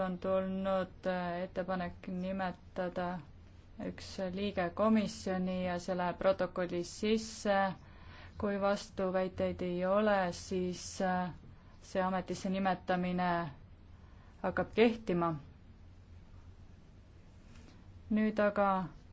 on tulnud äh, ettepanek nimetada üks liige komisjoni ja see läheb protokolli sisse. kui vastuväiteid ei ole, siis äh, see ametisse nimetamine hakkab kehtima. nüüd aga